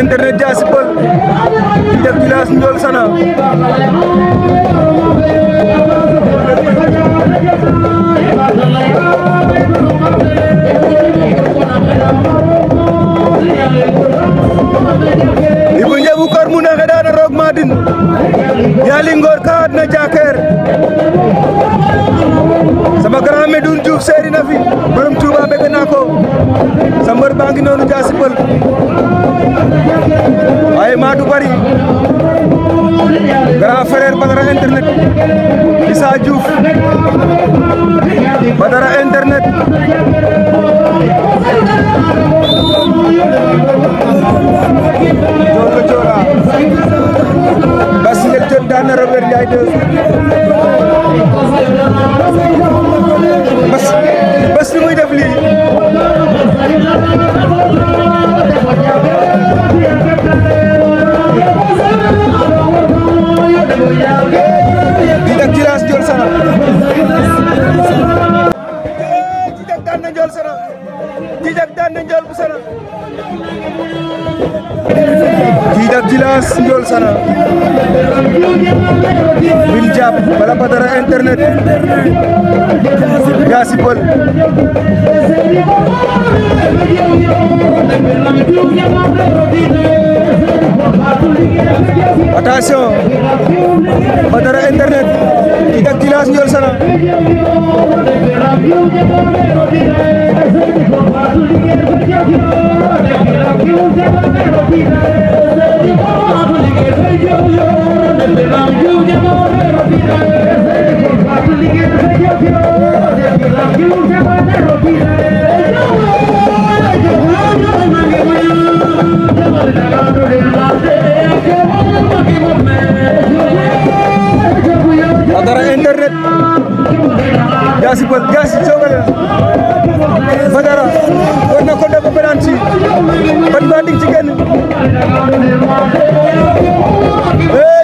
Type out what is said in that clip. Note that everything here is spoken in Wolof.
internet Diassy Peulh njëkk village Ndiol Sana Ibou Ndiabou kor mu nexe dana roog ma din yali ngoor ka adna jakeer sama grand Medoune Diouf seeri na fi borom Touba bëgg naa ko sa mbër baa ngi noonu Diassy Peulh ma du bari grand frère internet Issa Diouf Badara internet joor ko joora Bassiré Dione daan na Robert di def tirage Ndiol Sana di def daan na Ndiol Sana di bala ba internet Yassy Peul attention Badara internet kita kilas nyol sana Thank you. Jaasi ba Jaasi jogale Badara war na ko def penalty bat ba dig ci génn eh!